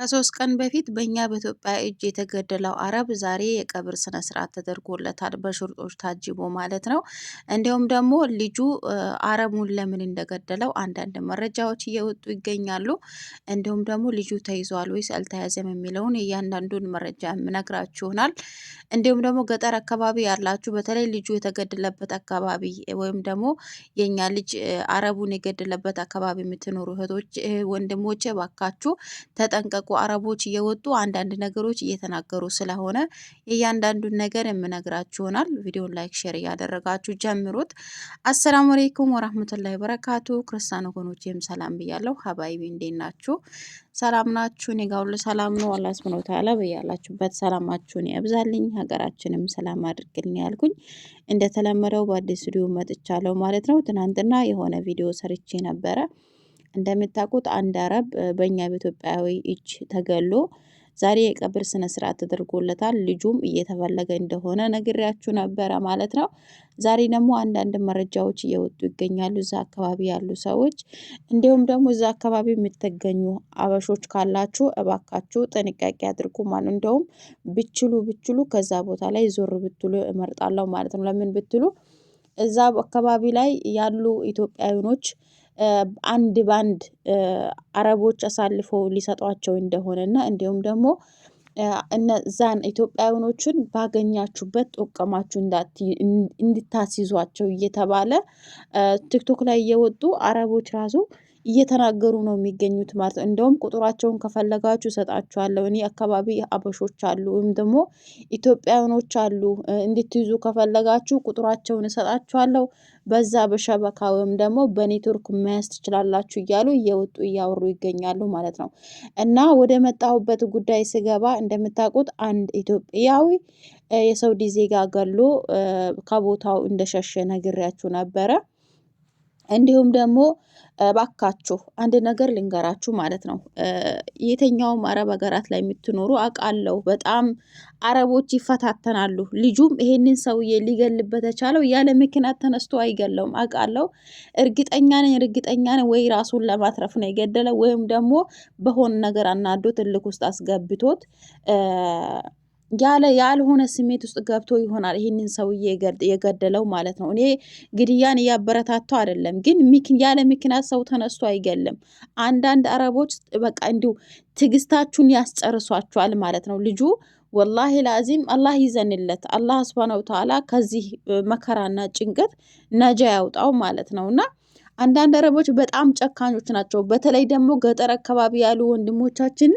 ከሶስት ቀን በፊት በእኛ በኢትዮጵያ እጅ የተገደለው አረብ ዛሬ የቀብር ስነ ስርዓት ተደርጎለታል። በሽርጦች ታጅቦ ማለት ነው። እንዲሁም ደግሞ ልጁ አረቡን ለምን እንደገደለው አንዳንድ መረጃዎች እየወጡ ይገኛሉ። እንዲሁም ደግሞ ልጁ ተይዟል ወይስ አልተያዘም የሚለውን እያንዳንዱን መረጃ የምነግራችሁ ይሆናል። እንዲሁም ደግሞ ገጠር አካባቢ ያላችሁ በተለይ ልጁ የተገደለበት አካባቢ ወይም ደግሞ የእኛ ልጅ አረቡን የገደለበት አካባቢ የምትኖሩ እህቶች፣ ወንድሞቼ ባካችሁ ተጠንቀቁ። እኮ አረቦች እየወጡ አንዳንድ ነገሮች እየተናገሩ ስለሆነ የእያንዳንዱን ነገር የምነግራችሁ ይሆናል። ቪዲዮን ላይክ፣ ሼር እያደረጋችሁ ጀምሩት። አሰላሙ አሌይኩም ወራህመቱላሂ ወበረካቱ። ክርስቲያን ወገኖቼም ሰላም ብያለሁ። ሀባይቢ እንዴት ናችሁ? ሰላም ናችሁ? እኔ ጋር ሁሉ ሰላም ነው። አላህ ሱብሐነሁ ወተዓላ በያላችሁበት ሰላማችሁን ያብዛልኝ፣ ሀገራችንም ሰላም አድርግልኝ ያልኩኝ እንደተለመደው በአዲስ ቪዲዮ መጥቻለሁ ማለት ነው። ትናንትና የሆነ ቪዲዮ ሰርቼ ነበረ እንደምታውቁት አንድ አረብ በእኛ በኢትዮጵያዊ እጅ ተገሎ ዛሬ የቀብር ስነ ስርዓት ተደርጎለታል። ልጁም እየተፈለገ እንደሆነ ነግሬያችሁ ነበረ ማለት ነው። ዛሬ ደግሞ አንዳንድ መረጃዎች እየወጡ ይገኛሉ። እዛ አካባቢ ያሉ ሰዎች እንዲሁም ደግሞ እዛ አካባቢ የምትገኙ አበሾች ካላችሁ እባካችሁ ጥንቃቄ አድርጉ። ማን እንደውም ብችሉ ብችሉ ከዛ ቦታ ላይ ዞር ብትሉ እመርጣለሁ ማለት ነው። ለምን ብትሉ እዛ አካባቢ ላይ ያሉ ኢትዮጵያዊኖች አንድ ባንድ አረቦች አሳልፈው ሊሰጧቸው እንደሆነ እና እንዲሁም ደግሞ እነዛን ኢትዮጵያውያኖቹን ባገኛችሁበት ጠቀማችሁ እንድታስይዟቸው እየተባለ ቲክቶክ ላይ እየወጡ አረቦች ራሱ እየተናገሩ ነው የሚገኙት ማለት ነው። እንደውም ቁጥራቸውን ከፈለጋችሁ እሰጣችኋለሁ። እኔ አካባቢ አበሾች አሉ ወይም ደግሞ ኢትዮጵያውኖች አሉ እንድትይዙ ከፈለጋችሁ ቁጥራቸውን እሰጣችኋለሁ። በዛ በሸበካ ወይም ደግሞ በኔትወርክ መያዝ ትችላላችሁ እያሉ እየወጡ እያወሩ ይገኛሉ ማለት ነው። እና ወደ መጣሁበት ጉዳይ ስገባ እንደምታውቁት አንድ ኢትዮጵያዊ የሳውዲ ዜጋ ገሎ ከቦታው እንደሸሸ ነግሬያችሁ ነበረ። እንዲሁም ደግሞ ባካችሁ አንድ ነገር ልንገራችሁ ማለት ነው። የትኛውም አረብ ሀገራት ላይ የምትኖሩ አውቃለሁ፣ በጣም አረቦች ይፈታተናሉ። ልጁም ይሄንን ሰውዬ ሊገልበት የቻለው ያለ ምክንያት ተነስቶ አይገለውም። አውቃለሁ፣ እርግጠኛ ነኝ፣ እርግጠኛ ነኝ። ወይ ራሱን ለማትረፍ ነው የገደለው ወይም ደግሞ በሆን ነገር አናዶ ትልቅ ውስጥ አስገብቶት ያለ ያልሆነ ስሜት ውስጥ ገብቶ ይሆናል ይህንን ሰውዬ የገደለው ማለት ነው። እኔ ግድያን እያበረታታው አይደለም፣ ግን ያለ ምክንያት ሰው ተነስቶ አይገለም። አንዳንድ አረቦች በቃ እንዲሁ ትዕግስታችሁን ያስጨርሷችኋል ማለት ነው። ልጁ ወላሂ ላዚም አላህ ይዘንለት። አላህ ስብሃነሁ ተዓላ ከዚህ መከራና ጭንቀት ነጃ ያውጣው ማለት ነው እና አንዳንድ አረቦች በጣም ጨካኞች ናቸው። በተለይ ደግሞ ገጠር አካባቢ ያሉ ወንድሞቻችን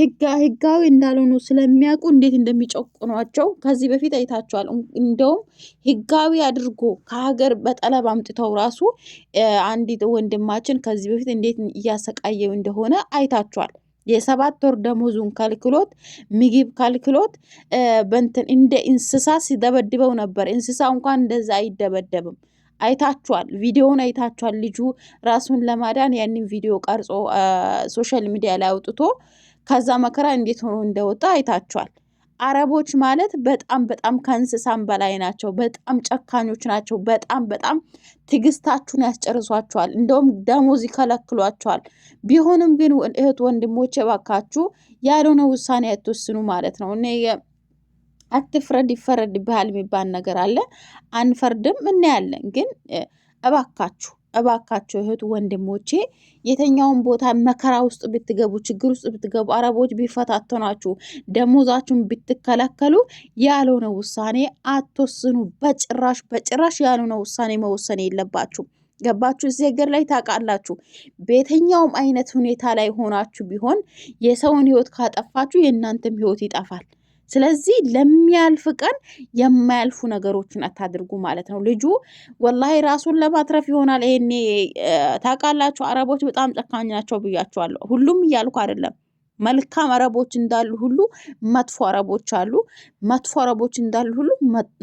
ህጋዊ እንዳልሆኑ ስለሚያውቁ እንዴት እንደሚጨቁኗቸው ከዚህ በፊት አይታቸዋል። እንደውም ህጋዊ አድርጎ ከሀገር በጠለብ አምጥተው ራሱ አንዲት ወንድማችን ከዚህ በፊት እንዴት እያሰቃየው እንደሆነ አይታቸዋል። የሰባት ወር ደሞዙን ከልክሎት ምግብ ከልክሎት በንትን እንደ እንስሳ ሲደበድበው ነበር። እንስሳ እንኳን እንደዛ አይደበደብም። አይታችኋል፣ ቪዲዮውን አይታችኋል። ልጁ ራሱን ለማዳን ያንን ቪዲዮ ቀርጾ ሶሻል ሚዲያ ላይ አውጥቶ ከዛ መከራ እንዴት ሆኖ እንደወጣ አይታችኋል። አረቦች ማለት በጣም በጣም ከእንስሳም በላይ ናቸው። በጣም ጨካኞች ናቸው። በጣም በጣም ትግስታችሁን ያስጨርሷችኋል። እንደውም ደሞዝ ይከለክሏችኋል። ቢሆንም ግን እህት ወንድሞች፣ የባካችሁ ያልሆነ ውሳኔ አትወስኑ ማለት ነው። እኔ አትፍረድ ይፈረድብሃል የሚባል ነገር አለ። አንፈርድም እናያለን። ግን እባካችሁ እባካቸው እህት ወንድሞቼ፣ የተኛውን ቦታ መከራ ውስጥ ብትገቡ፣ ችግር ውስጥ ብትገቡ፣ አረቦች ቢፈታተኗችሁ፣ ደሞዛችሁን ብትከለከሉ፣ ያልሆነ ውሳኔ አትወስኑ። በጭራሽ በጭራሽ ያልሆነ ውሳኔ መወሰን የለባችሁ። ገባችሁ? እዚህ ሀገር ላይ ታውቃላችሁ፣ በየትኛውም አይነት ሁኔታ ላይ ሆናችሁ ቢሆን የሰውን ህይወት ካጠፋችሁ የእናንተም ህይወት ይጠፋል። ስለዚህ ለሚያልፍ ቀን የማያልፉ ነገሮችን አታድርጉ ማለት ነው። ልጁ ወላሂ ራሱን ለማትረፍ ይሆናል። ይሄኔ ታውቃላችሁ፣ አረቦች በጣም ጨካኝ ናቸው ብያቸዋለሁ። ሁሉም እያልኩ አይደለም። መልካም አረቦች እንዳሉ ሁሉ መጥፎ አረቦች አሉ። መጥፎ አረቦች እንዳሉ ሁሉ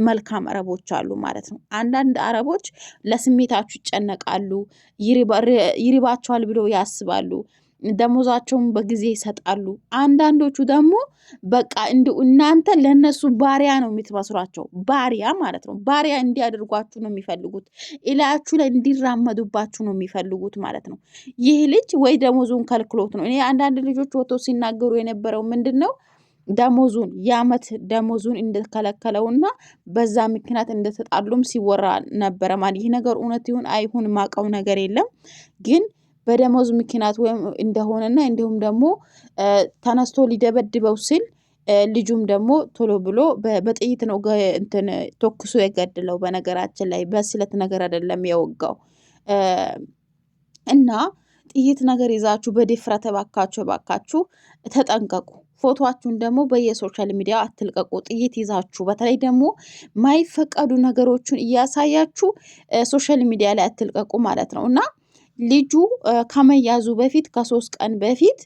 መልካም አረቦች አሉ ማለት ነው። አንዳንድ አረቦች ለስሜታችሁ ይጨነቃሉ፣ ይሪባቸዋል ብለው ያስባሉ። ደሞዛቸውን በጊዜ ይሰጣሉ። አንዳንዶቹ ደግሞ በቃ እንዲሁ እናንተ ለእነሱ ባሪያ ነው የምትመስሏቸው። ባሪያ ማለት ነው። ባሪያ እንዲያደርጓችሁ ነው የሚፈልጉት። እላያችሁ ላይ እንዲራመዱባችሁ ነው የሚፈልጉት ማለት ነው። ይህ ልጅ ወይ ደሞዙን ከልክሎት ነው። እኔ አንዳንድ ልጆች ወጥቶ ሲናገሩ የነበረው ምንድን ነው ደሞዙን የአመት ደሞዙን እንደከለከለውና በዛ ምክንያት እንደተጣሉም ሲወራ ነበረ። ማለት ይህ ነገር እውነት ይሁን አይሁን ማቀው ነገር የለም ግን በደሞዝ ምክንያት ወይም እንደሆነና እንዲሁም ደግሞ ተነስቶ ሊደበድበው ሲል ልጁም ደግሞ ቶሎ ብሎ በጥይት ነው እንትን ተኩሶ የገደለው። በነገራችን ላይ በስለት ነገር አይደለም የወጋው። እና ጥይት ነገር ይዛችሁ በድፍረት እባካችሁ እባካችሁ ተጠንቀቁ። ፎቶአችሁን ደግሞ በየሶሻል ሚዲያ አትልቀቁ። ጥይት ይዛችሁ በተለይ ደግሞ ማይፈቀዱ ነገሮችን እያሳያችሁ ሶሻል ሚዲያ ላይ አትልቀቁ ማለት ነው እና ልጁ ከመያዙ በፊት ከሶስት ቀን በፊት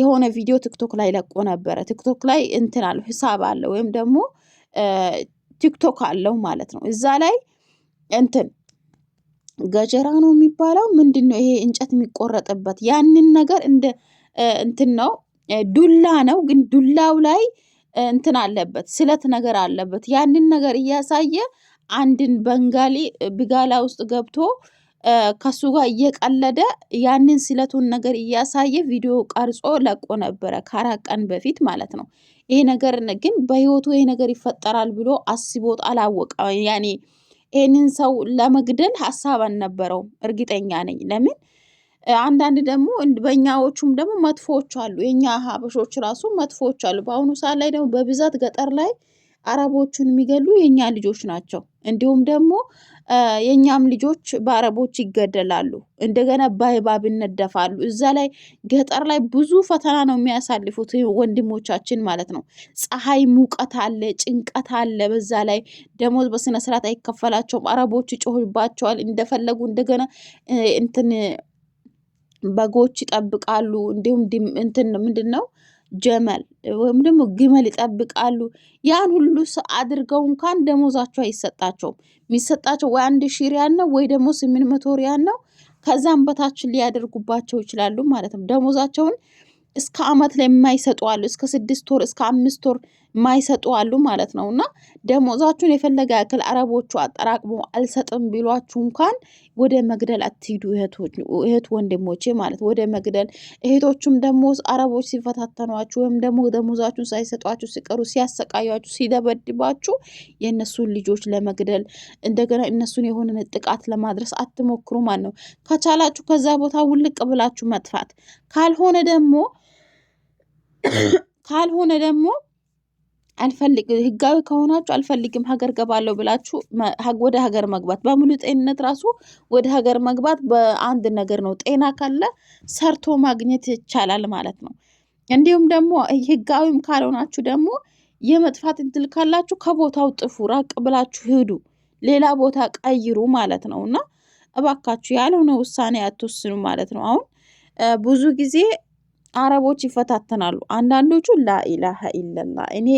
የሆነ ቪዲዮ ቲክቶክ ላይ ለቆ ነበረ። ቲክቶክ ላይ እንትን አለው ሂሳብ አለው ወይም ደግሞ ቲክቶክ አለው ማለት ነው። እዛ ላይ እንትን ገጀራ ነው የሚባለው ምንድን ነው ይሄ እንጨት የሚቆረጥበት ያንን ነገር እንደ እንትን ነው ዱላ ነው፣ ግን ዱላው ላይ እንትን አለበት ስለት ነገር አለበት። ያንን ነገር እያሳየ አንድን በንጋሊ ብጋላ ውስጥ ገብቶ ከሱ ጋር እየቀለደ ያንን ስለቱን ነገር እያሳየ ቪዲዮ ቀርጾ ለቆ ነበረ ከአራት ቀን በፊት ማለት ነው። ይሄ ነገር ግን በህይወቱ ይሄ ነገር ይፈጠራል ብሎ አስቦት አላወቀ። ያኔ ይህንን ሰው ለመግደል ሀሳብ አልነበረውም፣ እርግጠኛ ነኝ። ለምን አንዳንድ ደግሞ በእኛዎቹም ደግሞ መጥፎዎች አሉ። የእኛ ሀበሾች ራሱ መጥፎዎች አሉ። በአሁኑ ሰዓት ላይ ደግሞ በብዛት ገጠር ላይ አረቦቹን የሚገሉ የእኛ ልጆች ናቸው። እንዲሁም ደግሞ የእኛም ልጆች በአረቦች ይገደላሉ። እንደገና በእባብ ይነደፋሉ። እዛ ላይ ገጠር ላይ ብዙ ፈተና ነው የሚያሳልፉት ወንድሞቻችን ማለት ነው። ፀሐይ፣ ሙቀት አለ፣ ጭንቀት አለ። በዛ ላይ ደሞዝ በስነ ስርዓት አይከፈላቸውም። አረቦች ይጮህባቸዋል እንደፈለጉ። እንደገና እንትን በጎች ይጠብቃሉ። እንዲሁም እንትን ምንድን ነው ጀመል ወይም ደግሞ ግመል ይጠብቃሉ። ያን ሁሉ አድርገው እንኳን ደሞዛቸው አይሰጣቸውም። የሚሰጣቸው ወይ አንድ ሺህ ሪያል ነው ወይ ደግሞ ስምንት መቶ ሪያል ነው። ከዛም በታች ሊያደርጉባቸው ይችላሉ ማለት ነው። ደሞዛቸውን እስከ አመት ላይ የማይሰጡ አሉ። እስከ ስድስት ወር እስከ አምስት ወር ማይሰጡ አሉ ማለት ነው። እና ደሞዛችሁን የፈለገ ያክል አረቦቹ አጠራቅሞ አልሰጥም ቢሏችሁ እንኳን ወደ መግደል አትሂዱ እህት ወንድሞቼ ማለት ወደ መግደል። እህቶቹም ደግሞ አረቦች ሲፈታተኗችሁ ወይም ደግሞ ደሞዛችሁን ሳይሰጧችሁ ሲቀሩ ሲያሰቃያችሁ፣ ሲደበድባችሁ የእነሱን ልጆች ለመግደል እንደገና እነሱን የሆነ ጥቃት ለማድረስ አትሞክሩ ማለት ነው። ከቻላችሁ ከዛ ቦታ ውልቅ ብላችሁ መጥፋት ካልሆነ ደግሞ ካልሆነ ደግሞ አልፈልግ ህጋዊ ከሆናችሁ አልፈልግም ሀገር ገባለሁ ብላችሁ ወደ ሀገር መግባት በሙሉ ጤንነት ራሱ ወደ ሀገር መግባት በአንድ ነገር ነው። ጤና ካለ ሰርቶ ማግኘት ይቻላል ማለት ነው። እንዲሁም ደግሞ ህጋዊም ካልሆናችሁ ደግሞ የመጥፋት እድል ካላችሁ ከቦታው ጥፉ፣ ራቅ ብላችሁ ሂዱ፣ ሌላ ቦታ ቀይሩ ማለት ነው እና እባካችሁ ያልሆነ ውሳኔ አትወስኑ ማለት ነው። አሁን ብዙ ጊዜ አረቦች ይፈታተናሉ። አንዳንዶቹ ላኢላሃ ኢለላ እኔ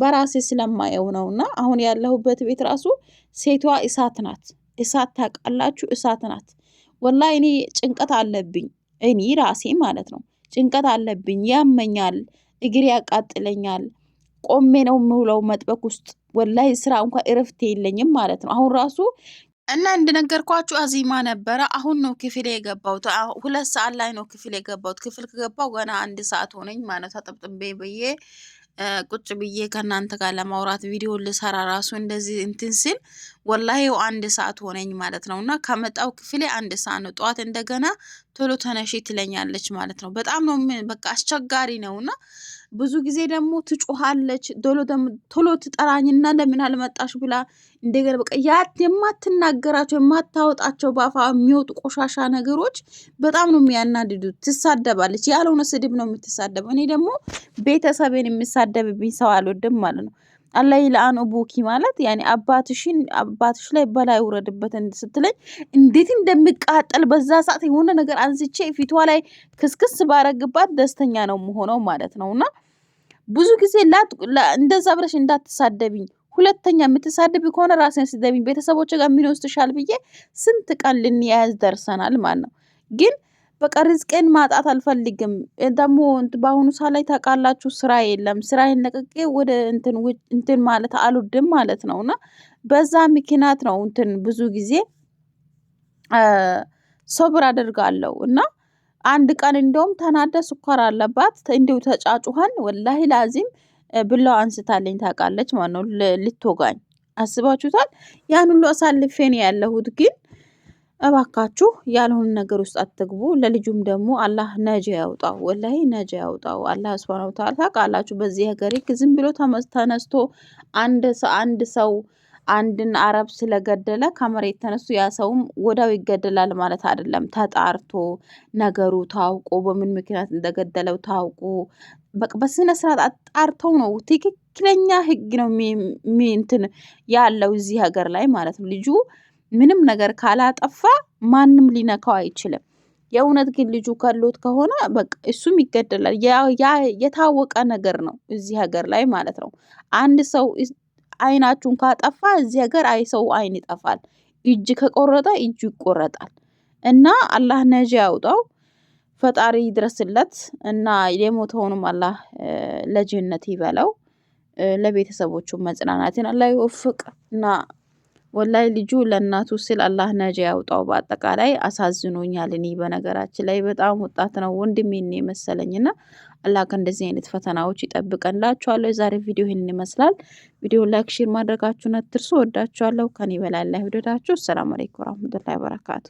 በራሴ ስለማየው ነው። እና አሁን ያለሁበት ቤት ራሱ ሴቷ እሳት ናት። እሳት ታውቃላችሁ፣ እሳት ናት። ወላ እኔ ጭንቀት አለብኝ፣ እኔ ራሴ ማለት ነው። ጭንቀት አለብኝ፣ ያመኛል፣ እግሬ ያቃጥለኛል። ቆሜ ነው የምውለው መጥበቅ ውስጥ። ወላይ ስራ እንኳ እረፍት የለኝም ማለት ነው። አሁን ራሱ እና እንደነገርኳችሁ አዚማ ነበረ። አሁን ነው ክፍል የገባሁት። ሁለት ሰዓት ላይ ነው ክፍል የገባሁት። ክፍል ከገባሁ ገና አንድ ሰዓት ሆነኝ ማለት አጠብጥቤ ብዬ ቁጭ ብዬ ከእናንተ ጋር ለማውራት ቪዲዮ ልሰራ ራሱ እንደዚህ እንትን ስል ወላሂው አንድ ሰዓት ሆነኝ ማለት ነው። እና ከመጣው ክፍሌ አንድ ሰዓት ነው። ጠዋት እንደገና ቶሎ ተነሺ ትለኛለች ማለት ነው። በጣም ነው በቃ አስቸጋሪ ነው እና ብዙ ጊዜ ደግሞ ትጮኻለች። ቶሎ ትጠራኝና ለምን አልመጣሽ ብላ እንደገና በቃ የማትናገራቸው የማታወጣቸው በአፋ የሚወጡ ቆሻሻ ነገሮች በጣም ነው የሚያናድዱት። ትሳደባለች። ያልሆነ ስድብ ነው የምትሳደበው። እኔ ደግሞ ቤተሰብን የሚሳደብብኝ ሰው አልወድም ማለት ነው። አላይ ለአን ቦኪ ማለት ያኔ አባትሽን አባትሽ ላይ በላይ ውረድበት ስትለኝ እንዴት እንደሚቃጠል በዛ ሰዓት የሆነ ነገር አንስቼ ፊቷ ላይ ክስክስ ባረግባት ደስተኛ ነው መሆነው ማለት ነው እና ብዙ ጊዜ እንደዛ ብለሽ እንዳትሳደብኝ ሁለተኛ የምትሳደብ ከሆነ ራሴን ስደብኝ፣ ቤተሰቦች ጋር ምን ይወስድሻል ብዬ ስንት ቀን ልንያያዝ ደርሰናል ማለት ነው። ግን በቃ ርዝቄን ማጣት አልፈልግም። ደግሞ በአሁኑ ሰዓት ላይ ታውቃላችሁ ስራ የለም። ስራዬን ለቅቄ ወደ እንትን ማለት አልወድም ማለት ነው እና በዛ ምክንያት ነው እንትን ብዙ ጊዜ ሶብር አደርጋለሁ እና አንድ ቀን እንደውም ተናደ ስኳር አለባት እንዲሁ ተጫጩኸን ወላሂ ላዚም ብለው አንስታለኝ ታውቃለች ማለት ነው። ልትወጋኝ አስባችሁታል? ያን ሁሉ አሳልፌን ያለሁት። ግን እባካችሁ ያልሆነ ነገር ውስጥ አትግቡ። ለልጁም ደግሞ አላህ ነጀ ያውጣው፣ ወላሂ ነጀ ያውጣው። አላህ ሱብሃነሁ ወተዓላ ታውቃላችሁ፣ በዚህ ሀገር ዝም ብሎ ተነስቶ አንድ አንድ ሰው አንድን አረብ ስለገደለ ከመሬት ተነሱ ያ ሰውም ወዳው ይገደላል ማለት አይደለም። ተጣርቶ ነገሩ ታውቆ በምን ምክንያት እንደገደለው ታውቆ በስነ ስርዓት አጣርተው ነው ትክክለኛ ህግ ነው እንትን ያለው እዚህ ሀገር ላይ ማለት ነው። ልጁ ምንም ነገር ካላጠፋ ማንም ሊነካው አይችልም። የእውነት ግን ልጁ ከሎት ከሆነ በቃ እሱም ይገደላል። የታወቀ ነገር ነው እዚህ ሀገር ላይ ማለት ነው። አንድ ሰው አይናችሁን ካጠፋ እዚህ ሀገር አይ ሰው አይን ይጠፋል። እጅ ከቆረጠ እጁ ይቆረጣል። እና አላህ ነጂ ያውጣው ፈጣሪ ይድረስለት እና የሞተውንም አላህ ለጀነት ይበለው። ለቤተሰቦቹ መጽናናትን አላህ ይወፍቅ እና ወላይ ልጁ ለእናቱ ስል አላህ ነጂ ያውጣው። በአጠቃላይ አሳዝኖኛል። እኔ በነገራችን ላይ በጣም ወጣት ነው ወንድሜን የመሰለኝና አላህ ከእንደዚህ አይነት ፈተናዎች ይጠብቀን ላችኋለሁ። የዛሬ ቪዲዮ ይህንን ይመስላል። ቪዲዮ ላይክ፣ ሼር ማድረጋችሁን አትርሱ። ወዳችኋለሁ። ከኔ በላይ ላይ ወደዳችሁ። ሰላም አለይኩም ወራህመቱላሂ ወበረካቱ